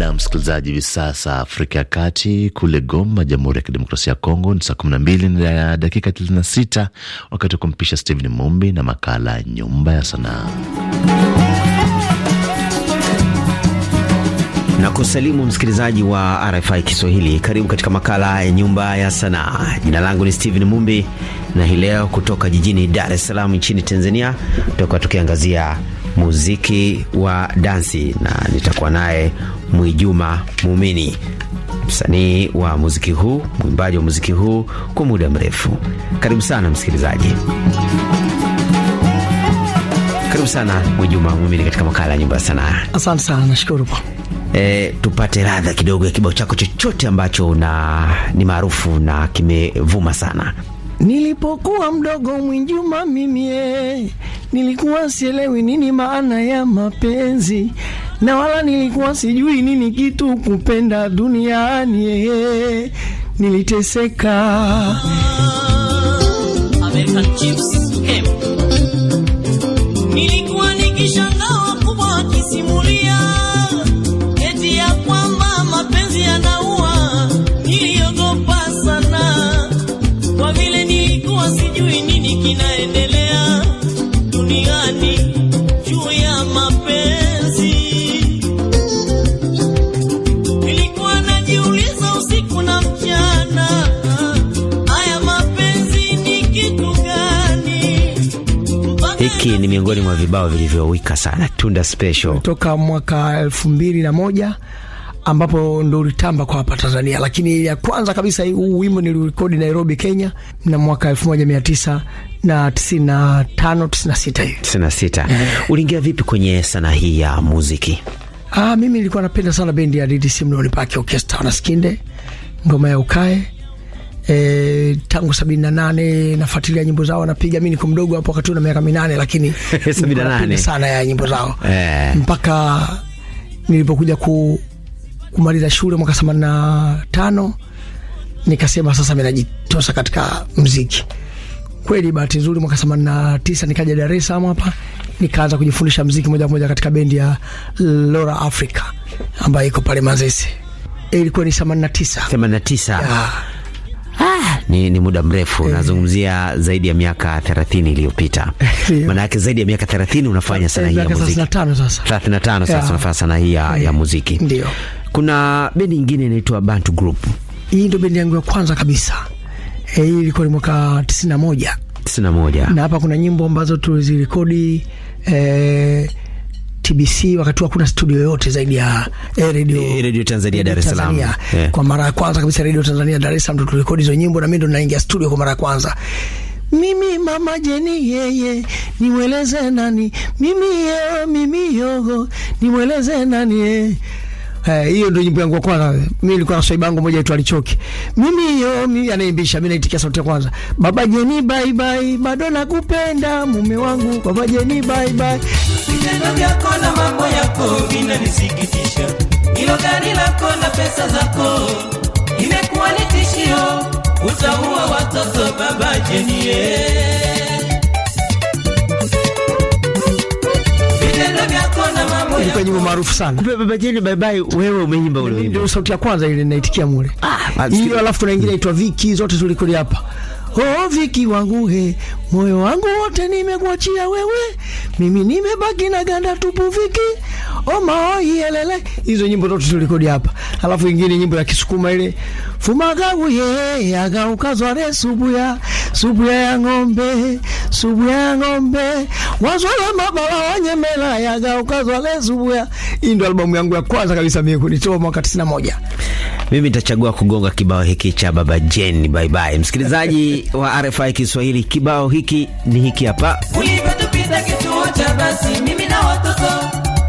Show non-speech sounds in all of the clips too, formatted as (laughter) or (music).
Na msikilizaji, hivi sasa Afrika ya Kati, kule Goma, Jamhuri ya Kidemokrasia ya Kongo ni saa 12 na dakika 36, wakati wa kumpisha Stephen Mumbi na makala Nyumba ya Sanaa. na kusalimu msikilizaji wa RFI Kiswahili. Karibu katika makala ya nyumba ya sanaa. Jina langu ni Steven Mumbi, na hii leo kutoka jijini Dar es Salaam nchini Tanzania, tutakuwa tukiangazia muziki wa dansi, na nitakuwa naye Mwijuma Muumini, msanii wa muziki huu, mwimbaji wa muziki huu kwa muda mrefu. Karibu sana msikilizaji, karibu sana Mwijuma Muumini katika makala ya Nyumba ya Sanaa. Asante sana, nashukuru. E, tupate ladha kidogo ya kibao chako chochote ambacho na ni maarufu na kimevuma sana. Nilipokuwa mdogo Mwinjuma mimie, eh, nilikuwa sielewi nini maana ya mapenzi, na wala nilikuwa sijui nini kitu kupenda duniani. ehe niliteseka American chips, eh. nilikuwa nikishanga vibao vilivyowika sana, Tunda Special toka mwaka elfu mbili na moja ambapo ndo ulitamba kwa hapa Tanzania, lakini ya kwanza kabisa huu wimbo nilirekodi Nairobi, Kenya na mwaka 1995 96 hivi 96. Eh. Uliingia vipi kwenye sanaa hii ya muziki? Ah, mimi nilikuwa napenda sana bendi ya DDC Mlimani Park Orchestra na Skinde, ngoma ya ukae E, tangu sabini na nane nafuatilia nyimbo zao, napiga mi niko mdogo hapo wakati na miaka minane, lakini (laughs) sana ya nyimbo zao e. mpaka nilipokuja ku, kumaliza shule mwaka themanini na tano nikasema sasa mi najitosa katika mziki kweli. Bahati nzuri mwaka themanini na tisa nikaja Dar es Salaam hapa nikaanza kujifundisha mziki moja kwa moja katika bendi ya Lora Africa ambayo iko pale Manzese, ilikuwa ni themanini na tisa themanini na tisa ni, ni muda mrefu e. Nazungumzia zaidi ya miaka 30 iliyopita (laughs) maana yake zaidi ya miaka 30 unafanya sanaa hii ya muziki 35 sasa 35 sasa unafanya sanaa hii ya, ya eh. muziki ndio. Kuna bendi nyingine inaitwa Bantu Group. Hii ndio bendi yangu ya kwanza kabisa. Eh, hii e, ilikuwa ni mwaka 91 91 na hapa kuna nyimbo ambazo tulizirekodi eh TBC wakati hakuna studio yoyote zaidi ya eh, radio, eh, radio Tanzania Dar es Salaam. Yeah. Kwa mara ya kwanza kabisa Radio Tanzania Dar es Salaam ndo tulirekodi hizo nyimbo na mimi ndo naingia studio kwa mara ya kwanza. Mimi mama Jeni yeye niweleze nani? Mimi yo mimi yogo niweleze nani? Yeye. Eh, hiyo ndio nyimbo yangu ya kwanza. Mimi nilikuwa na swaiba yangu moja aitwa Alichoki. Mimi yo mimi anaimbisha, mimi naitikia sauti ya kwanza. Baba Jeni bye bye, bado nakupenda mume wangu. Baba Jeni bye bye. Vitendo vyako na mambo yako vinanisikitisha. Hilo gari lako na pesa zako imekuwa ni tishio. Utaua watoto Baba Jeni. Yeah. Kwa nyimbo maarufu sana. Babajeni bye bye, wewe umeimba ule. Ndio sauti ya kwanza ile naitikia mule. Ah, hiyo alafu kuna nyingine inaitwa Viki, zote tulikodi hapa. Hoviki wangu he, moyo wangu wote nimekuachia wewe, mimi nimebaki na ganda tupu viki omaoiyelele. Hizo nyimbo zote tulirekodi hapa, alafu ingine nyimbo ya Kisukuma ile fumagaguye agaukazware subuya subuya ya ng'ombe subuya ya ng'ombe wazwala mabala wanyemela yagaukazware subuya. Hii ndo albamu yangu ya kwanza kabisa mimi kunitoa mwaka 91. Mimi nitachagua kugonga kibao hiki cha Baba Jen bye bye, msikilizaji wa RFI Kiswahili, kibao hiki ni hiki hapa. Ulivyotupita kituo cha basi, mimi na watoto,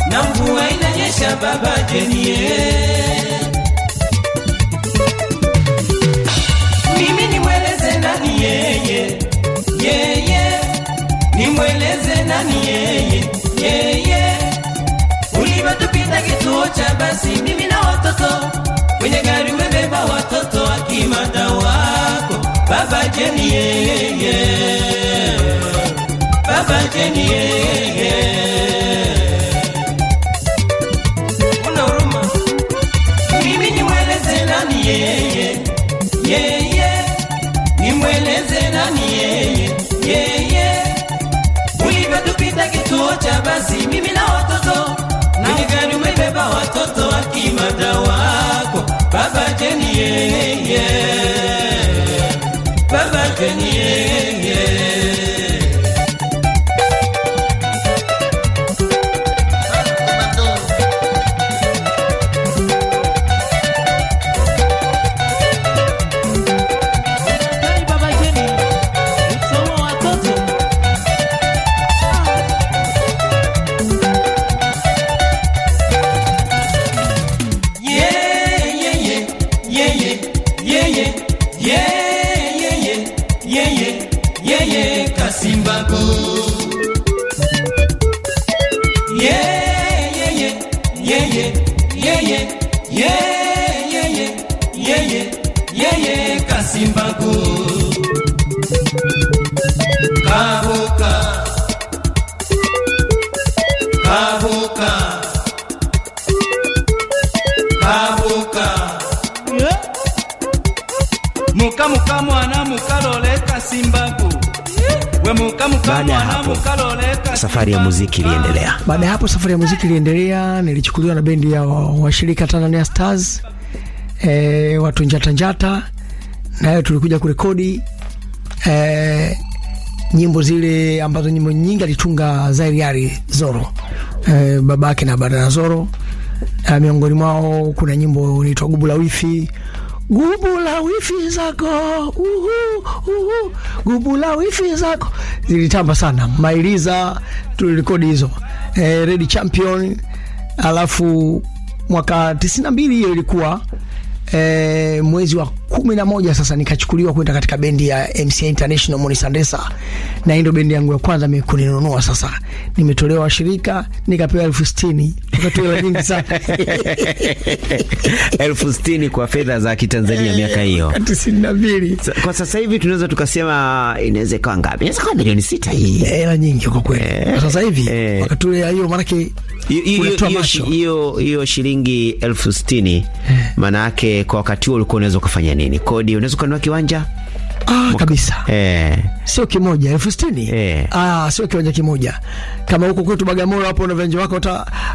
na mvua inanyesha, baba jenie, mimi nimweleze nani yeye, yeye nimweleze nani yeye, yeye ulivyotupita kituo cha basi, mimi na watoto, kwenye gari umebeba watoto akimada baba jeni yeye baba jeni yeye una basi mimi na watoto niligani yeah, yeah, yeah, yeah, yeah, yeah, yeah, yeah, yeah, Kasimbago. Kahoka. Kahoka. Kahoka. Muka muka mwana muka lole Kasimbago. Baada ya hapo safari ya muziki iliendelea. Baada ya hapo safari ya muziki iliendelea, nilichukuliwa na bendi ya washirika Tanzania Stars e, watu njata njata, nayo tulikuja kurekodi e, nyimbo zile ambazo nyimbo nyingi alitunga Zairiari Zoro e, babake na Badana Zoro e, miongoni mwao kuna nyimbo inaitwa Gubu la Wifi gubu la wifi zako uhu, uhu, gubu la wifi zako zilitamba sana. Mailiza tulirekodi hizo e, Red Champion, alafu mwaka 92 hiyo ilikuwa e, mwezi wa kumi na moja sasa nikachukuliwa kwenda katika bendi ya MCA International Monisandesa, na hii ndio bendi yangu ya kwanza mimi kuninunua. Sasa nimetolewa washirika, nikapewa elfu sitini wakati hela nyingi sana (laughs) elfu sitini kwa fedha za Kitanzania miaka eh, hiyo tisini na mbili. Kwa sasa hivi tunaweza tukasema inaweza ikawa ngapi? Inaweza kawa milioni sita. Hii eh, hela nyingi kwa kweli eh, kwa sasa hivi, wakati hiyo maanake hiyo shilingi elfu sitini maana kwa wakati huo ulikuwa unaweza ukafanya nini kodi, unaweza ukanua kiwanja Ah, kabisa eh, sio kimoja elfu sitini eh. Ah, sio kiwanja kimoja kama huko kwetu Bagamoyo hapo na viwanja wako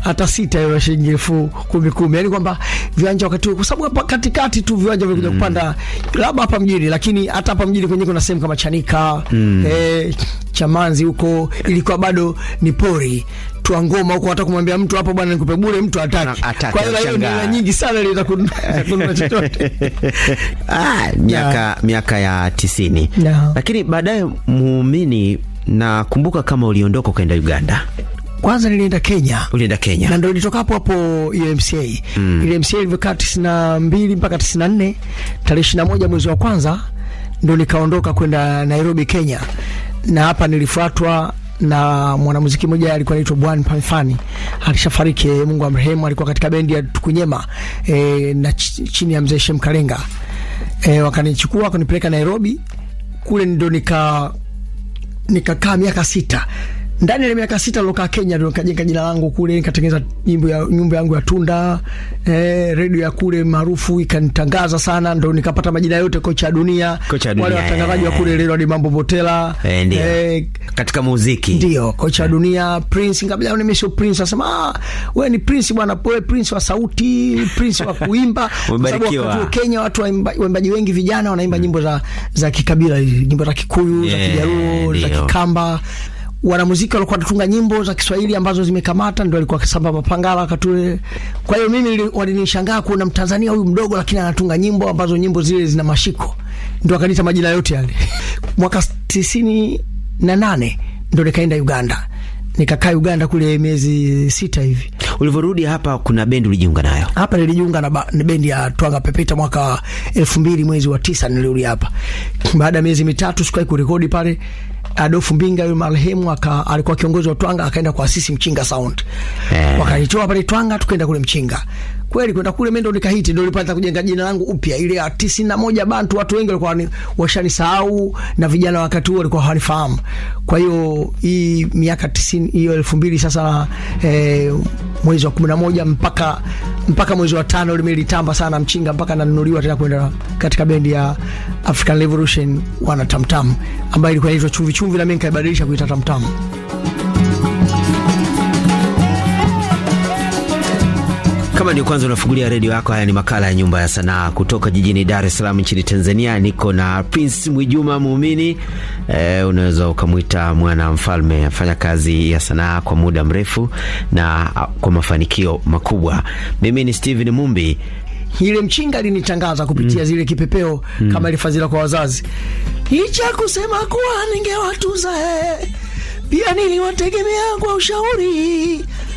hata sita ya shilingi elfu kumi kumi, yani kwamba viwanja wakati kwa sababu hapa katikati tu viwanja vimekuja mm. kupanda labda hapa mjini, lakini hata hapa mjini kwenye kuna sehemu kama Chanika mm. eh, Chamanzi huko ilikuwa bado ni pori, mtu wa ngoma huko, hata kumwambia mtu hapo bwana nikupe bure, mtu hataki. Kwa hiyo hiyo ni nyingi sana ile itakununua (laughs) (laughs) chochote. Ah, miaka miaka ya tisini. No. Lakini baadaye muumini, nakumbuka kama uliondoka ukaenda Uganda. Kwanza nilienda Kenya. Ulienda Kenya. Na ndio nilitoka hapo hapo UMCA. Mm. Ile UMCA ilivyokaa tisini na mbili mpaka tisini na nne tarehe ishirini na moja mwezi wa kwanza ndio nikaondoka kwenda Nairobi, Kenya. Na hapa nilifuatwa na mwanamuziki mmoja alikuwa anaitwa Bwan Pamfani, alishafariki, eh, Mungu amrehemu. Alikuwa katika bendi ya Tukunyema e, na chini ya mzee Shem Kalenga e, eh, wakanichukua wakanipeleka Nairobi, kule ndo nika nikakaa miaka sita ndani ya miaka sita nilokaa Kenya ndio nikajenga jina langu kule, nikatengeneza nyimbo ya nyumba yangu ya Tunda. Eh, redio ya kule maarufu ikanitangaza sana, ndio nikapata majina yote, kocha dunia, kocha dunia, wale watangazaji wa kule leo ni mambo botela eh, eh, katika muziki ndio kocha hmm, dunia Prince. Ngabila nimesho Prince asema, ah, wewe ni Prince bwana, wewe Prince wa sauti, Prince wa kuimba (laughs) umebarikiwa. kwa Kenya watu waimbaji wengi vijana wanaimba hmm, nyimbo za za kikabila, nyimbo za Kikuyu, yeah, za Kijaruo, za Kikamba wanamuziki walikuwa wanatunga nyimbo za Kiswahili ambazo zimekamata, ndio alikuwa Kisamba Mapangala Katule. Kwa hiyo mimi walinishangaa kuona Mtanzania huyu mdogo, lakini anatunga nyimbo ambazo nyimbo zile zina mashiko, ndio akanita majina yote yale. (laughs) Mwaka tisini na nane ndio nikaenda Uganda, nikakaa Uganda kule miezi sita hivi. Ulivyorudi hapa, kuna bendi ulijiunga nayo hapa? Nilijiunga na, na bendi ya Twanga Pepita mwaka elfu mbili mwezi wa tisa nilirudi hapa baada ya miezi mitatu, sikuwahi kurekodi pale Adolf Mbinga yule marehemu aka, alikuwa kiongozi wa Twanga akaenda kuasisi Mchinga Sound. Eh. Wakanitoa pale Twanga tukaenda kule Mchinga kweli kwenda kule mimi ndo nikahiti ndo nilipata kujenga jina langu upya. Ile ya 91 Bantu watu wengi walikuwa washanisahau na vijana wakati huo walikuwa hawanifahamu. Kwa hiyo hii miaka 90 hiyo 2000 sasa eh, mwezi wa 11 mpaka mpaka mwezi wa tano limelitamba sana mchinga mpaka nanunuliwa tena kwenda katika bendi ya African Revolution wana tamtam ambayo ilikuwa inaitwa chumvi chumvi, na mimi nikaibadilisha kuita tamtam. Kama ni kwanza unafungulia redio yako, haya ni makala ya Nyumba ya Sanaa kutoka jijini Dar es Salaam nchini Tanzania. Niko na Prince Mwijuma Muumini, e, unaweza ukamwita mwana mfalme. Afanya kazi ya sanaa kwa muda mrefu na ah, kwa mafanikio makubwa. Mimi ni Steven Mumbi. Ile mchinga alinitangaza kupitia mm. zile kipepeo mm. kama ile fadhila kwa wazazi, licha kusema kuwa ningewatuza eh, pia niliwategemea kwa ushauri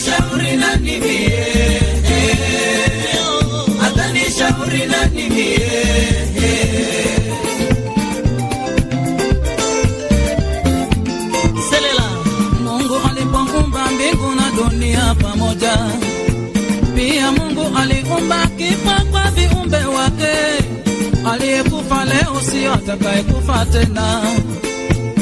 Atanishauri nani mie? Atanishauri nani mie? pamoja pia Mungu aliumba kifo kwa viumbe wake. Aliyekufa leo sio atakayekufa tena,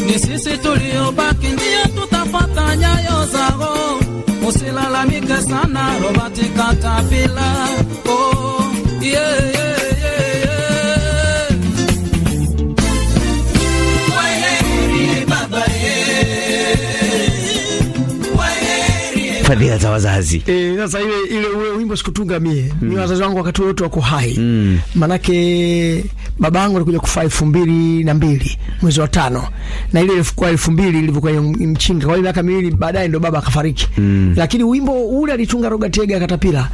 ni sisi tuliobaki ndiyo tutafuata nyayo zao. Musilalamike sana Robert Katapila. Oh, yeah, yeah, Fadhila za wazazi. Eh, sasa ile ile wimbo sikutunga mie. mm. Ni hmm. wazazi wangu wakati wote wako hai. mm. Manake baba yangu alikuja kufa elfu mbili na mbili mwezi wa tano, na ile ilikuwa elfu mbili ilivyokuwa mchinga. Kwa hiyo miaka miwili baadaye ndo baba akafariki mm. Lakini wimbo ule alitunga Roga Tega Katapila,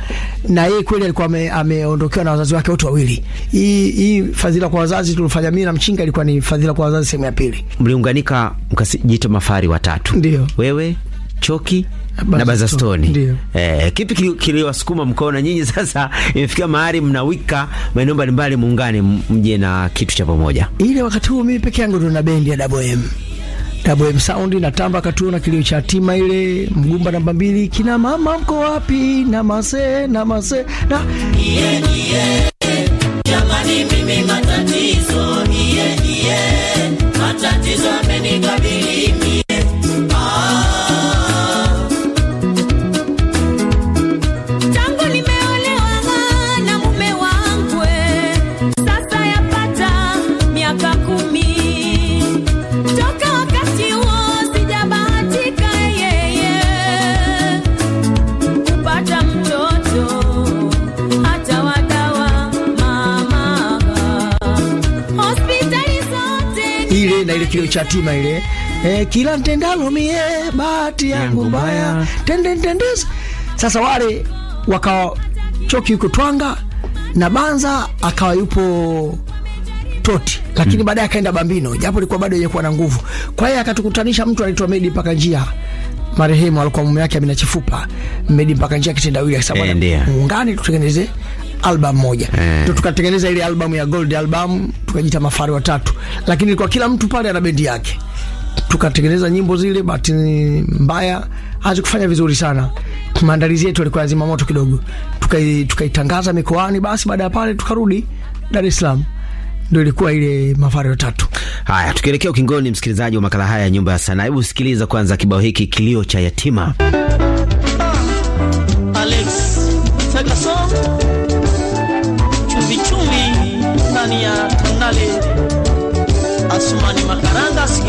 na yeye kweli alikuwa ameondokewa na wazazi wake wote wawili. Hii hii fadhila kwa wazazi tulifanya mimi na mchinga ilikuwa ni fadhila kwa wazazi sehemu ya pili. Mliunganika mkajiita mafari watatu, ndio wewe choki na Bazastoni. Eh, kipi kiliwasukuma mkaona nyinyi sasa (laughs) imefikia mahali mnawika maeneo mbalimbali muungane mje na kitu cha pamoja? Ile wakati huo mimi peke yangu ndo na bendi ya Double M. Double na tamba natamba katuona kilio cha tima ile mgumba namba mbili kina mama mko wapi na mase na mase na yeah, yeah. cha tuna ile eh, kila ntendalo mie bahati yangu mbaya tende Sasa wale wakawa choki yuko Twanga na Banza akawa yupo Toti, lakini mm, baadaye akaenda Bambino japo ilikuwa bado hajakuwa na nguvu. Kwa hiyo akatukutanisha mtu anaitwa Medi mpaka njia marehemu alikuwa mume wake Amina Chifupa. Medi mpaka njia kitendawili akisema eh, muungane tutengeneze album moja eh, tukatengeneza ile album ya Gold album tukajiita Mafari Watatu, lakini kwa kila mtu pale ana bendi yake. Tukatengeneza nyimbo zile, bahati mbaya hazikufanya vizuri sana. Maandalizi yetu yalikuwa lazima moto kidogo, tukaitangaza tuka mikoani. Basi baada ya pale tukarudi Dar es Salaam ndio ilikuwa ile Mafari Watatu. Haya, tukielekea ukingoni, msikilizaji wa makala haya ya Nyumba ya Sanaa, hebu sikiliza kwanza kibao hiki, kilio cha yatima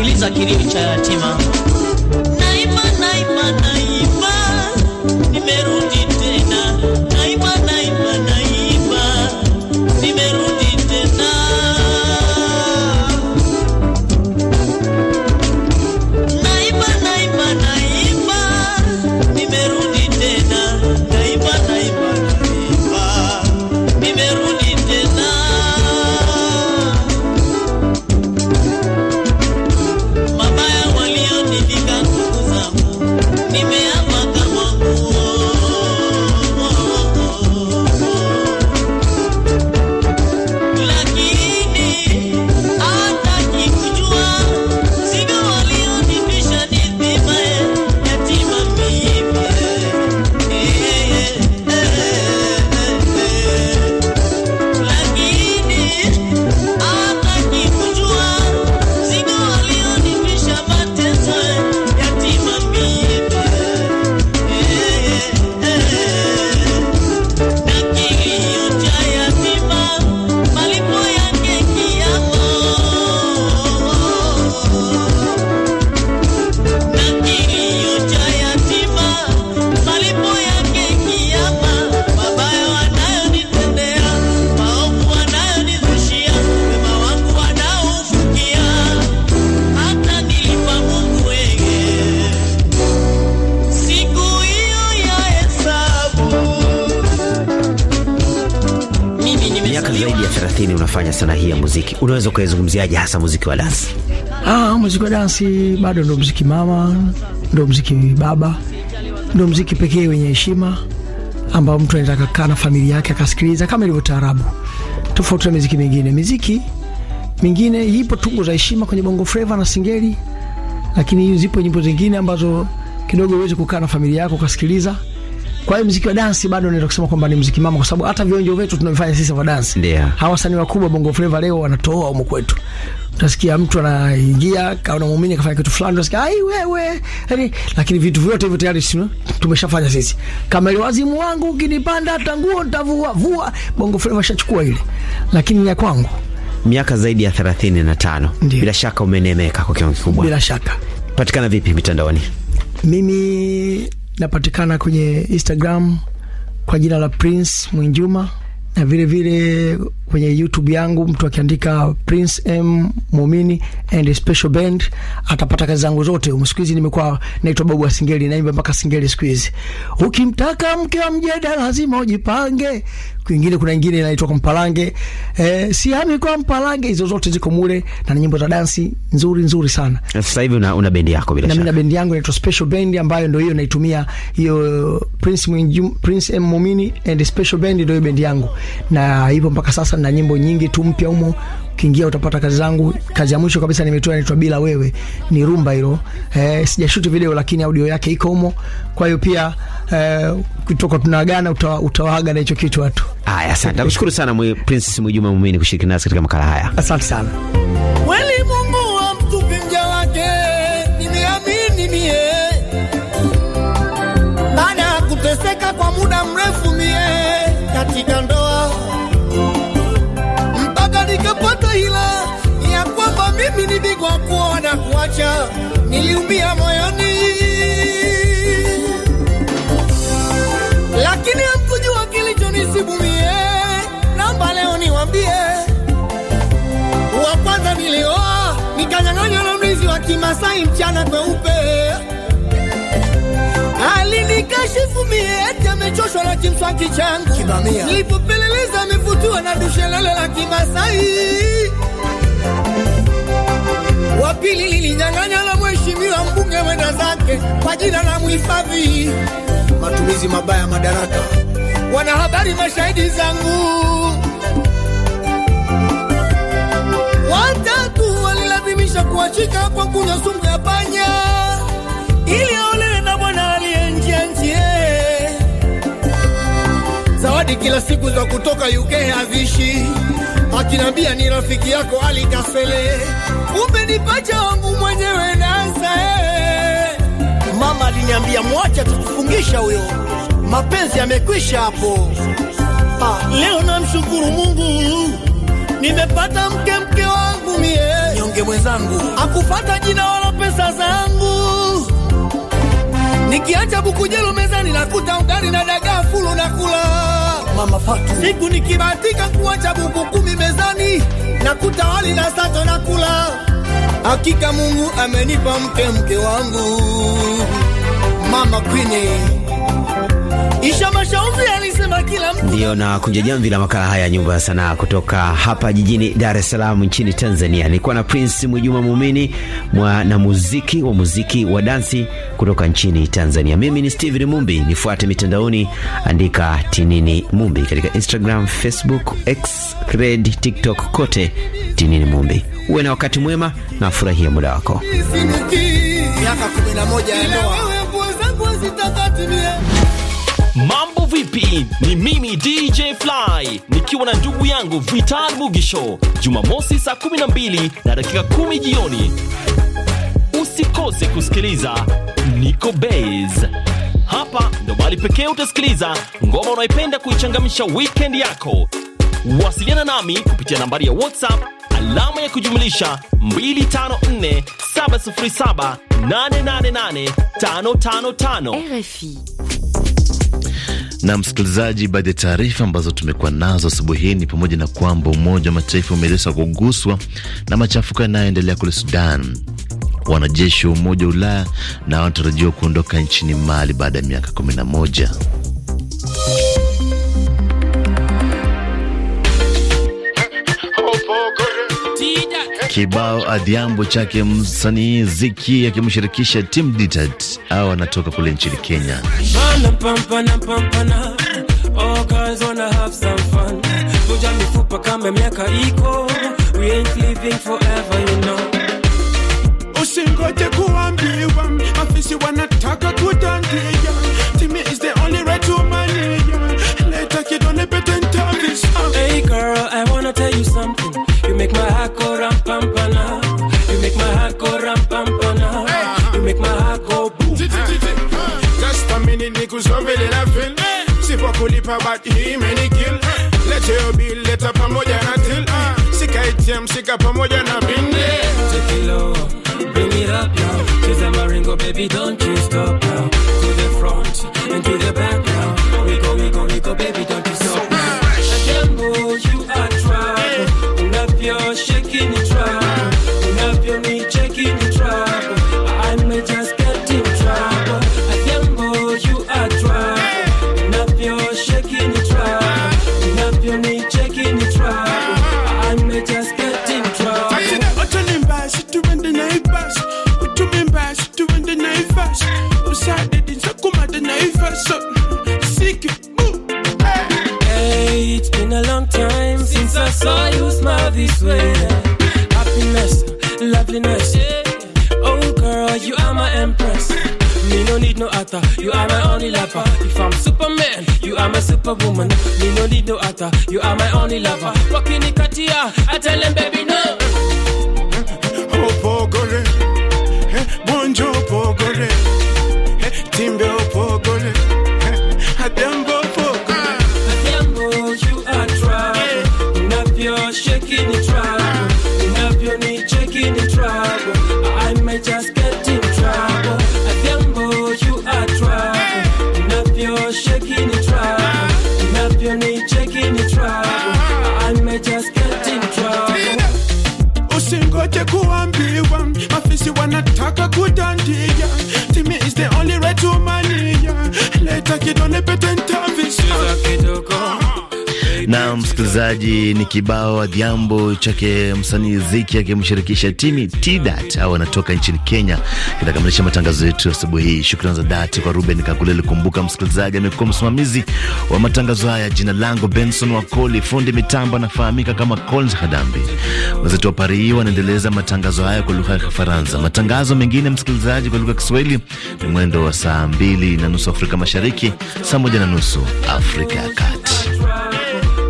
kupuliza kilio cha yatima. gani unafanya sana hii ya muziki? Unaweza ukaizungumziaje hasa muziki wa dansi? Ah, muziki wa dansi bado ndo mziki mama, ndo mziki baba, ndo mziki pekee wenye heshima ambao mtu anataka kakaa na familia yake akasikiliza kama ilivyo taarabu, tofauti na miziki mingine. Miziki mingine ipo tungo za heshima kwenye bongo flava na singeli, lakini zipo nyimbo zingine ambazo kidogo uwezi kukaa na familia yako ukasikiliza kwa hiyo muziki wa dance bado naweza kusema kwamba ni muziki mama, kwa sababu hata vionjo vyetu tunavifanya sisi wa dance. Ndio. Hawa wasanii wakubwa Bongo Flava leo wanatoa huko kwetu. Utasikia mtu anaingia kaona muumini kafanya kitu fulani, utasikia ai wewe, yani lakini vitu vyote hivyo tayari sio tumeshafanya sisi. Kama ile wazimu wangu ukinipanda hata nguo nitavua vua, Bongo Flava shachukua ile, lakini ya kwangu miaka zaidi ya 35. Bila shaka umenemeka kwa kiwango kikubwa. Bila shaka. Patikana vipi mitandaoni? Mimi napatikana kwenye Instagram kwa jina la Prince Mwinjuma na vile vile kwenye YouTube yangu mtu akiandika Prince M Muumini and Special Band atapata kazi zangu zote. Siku hizi nimekuwa naitwa Babu wa Singeli, naimba mpaka Singeli siku hizi. Ukimtaka mke wa mjeda lazima ujipange, kwingine kuna ingine inaitwa kwa Mpalange eh, hani kwa Mpalange, hizo zote ziko mule na nyimbo za dansi nzuri nzuri sana. Eh, sasa hivi una, una bendi yako bila shaka? Na mimi na bendi yangu inaitwa Special Band ambayo ndio hiyo naitumia hiyo uh, Prince Mwinjum, Prince M Momini and Special Band ndio bendi yangu, na hivyo mpaka sasa na nyimbo nyingi tu mpya humo Ukiingia utapata kazi zangu. Kazi ya mwisho kabisa nimetoa inaitwa bila wewe, ni rumba hilo eh, sijashuti video lakini audio yake iko humo. Kwa hiyo pia eh, kutoka tunaagana, utawaaga na hicho kitu watu Haya, asante. Nakushukuru sana mwe Princess Mjuma Mumini kushiriki nasi katika makala haya. Asante sana. Kweli Mungu hamtupi mja wake, nimeamini mie. Baada ya kuteseka kwa muda mrefu mie katika ndoa, mpaka nikapata hila ya kwamba mimi niligwa kuwa na kuacha, niliumia moyoni Kimasai mchana kweupe, alinikashifu mie eti amechoshwa na kimswaki changu. Nilipopeleleza amevutiwa na dushelele la Kimasai. Wapili lilinyang'anya la mheshimiwa mbunge mwenda zake kwa jina la muhifadhi. Matumizi mabaya madaraka, wanahabari mashahidi zangu kunywa sumu ya panya ili aolewe na bwana aliye Zawadi kila siku za kutoka UK hazishi, akinambia ni rafiki yako alikafele, kumbe ni pacha wangu mwenyewe nasa Mama aliniambia mwacha tukufungisha huyo, mapenzi yamekwisha hapo. Ah, leo namshukuru Mungu nimepata mke mke wangu mie mwanamke mwenzangu akupata jina wala pesa zangu, nikiacha buku jelo mezani nakuta ugali na dagaa fulu na kula mama Fatu. Siku nikibatika kuacha buku kumi mezani nakuta wali na sato na kula. Hakika Mungu amenipa mke mke wangu mama kwini Ndiyo na kunja jamvi la makala haya nyumba ya sanaa kutoka hapa jijini Dar es Salaam nchini Tanzania. Nilikuwa na Prince Mwijuma Muumini, mwanamuziki wa muziki wa dansi kutoka nchini Tanzania. Mimi ni Steven Mumbi, nifuate mitandaoni, andika Tinini Mumbi katika Instagram, Facebook, X, Thread, TikTok, kote Tinini Mumbi. Uwe na wakati mwema na afurahia muda wako. Mambo vipi? Ni mimi DJ Fly nikiwa na ndugu yangu Vital Mugisho, Jumamosi saa 12 na dakika 10 jioni. Usikose kusikiliza Niko bas Hapa ndo bali pekee utasikiliza ngoma unaipenda kuichangamisha wikend yako. Wasiliana nami kupitia nambari ya WhatsApp alama ya kujumlisha 254 RFI. Na msikilizaji, baadhi ya taarifa ambazo tumekuwa nazo asubuhi hii ni pamoja na kwamba Umoja wa Mataifa umeeleza kuguswa na machafuko yanayoendelea kule Sudan. Wanajeshi wa Umoja wa Ulaya na wanatarajiwa kuondoka nchini Mali baada ya miaka 11. kibao adhiambo chake msanii Ziki akimshirikisha Tim Ditat au anatoka kule nchini Kenya. Oh, Usingoje kuambiwa, afisi wanataka Timi is the only right to money. Leta kidole pete Hey girl, I wanna tell you something make my heart go ram pam pana. You make my heart go ram pam pana. You make my heart go boom. Just a minute, niggas over la ville. Si pas kulipa bat hii menikil. Lete yobileta pamoja na til. Sika ATM, sika pamoja na binde. Take it low, bring it up now. She's a maringo, baby, don't you stop now. this way. Happiness, loveliness. Oh girl, you are my empress. Me no need no other, you are my only lover. If I'm Superman, you are my superwoman. Me no need no other, you are my only lover. Walking in Katia, I tell him baby no. Oh eh, bonjour bonjo pogore, eh, timbe oh, pogore. msikilizaji, ni kibao Adhiambo chake msanii Ziki akimshirikisha Timi Tidat au anatoka nchini Kenya. Kinakamilisha matangazo yetu asubuhi hii. Shukrani za dhati kwa Ruben Kakule likumbuka. msikilizaji, amekuwa msimamizi wa matangazo haya. Jina langu Benson Wakoli, fundi mitambo anafahamika kama Collins Hadambi. Wenzetu wa Paris wanaendeleza matangazo haya kwa lugha ya Kifaransa. Matangazo mengine, msikilizaji, kwa lugha ya Kiswahili ni mwendo wa saa mbili na nusu Afrika Mashariki, saa moja na nusu Afrika ya Kati.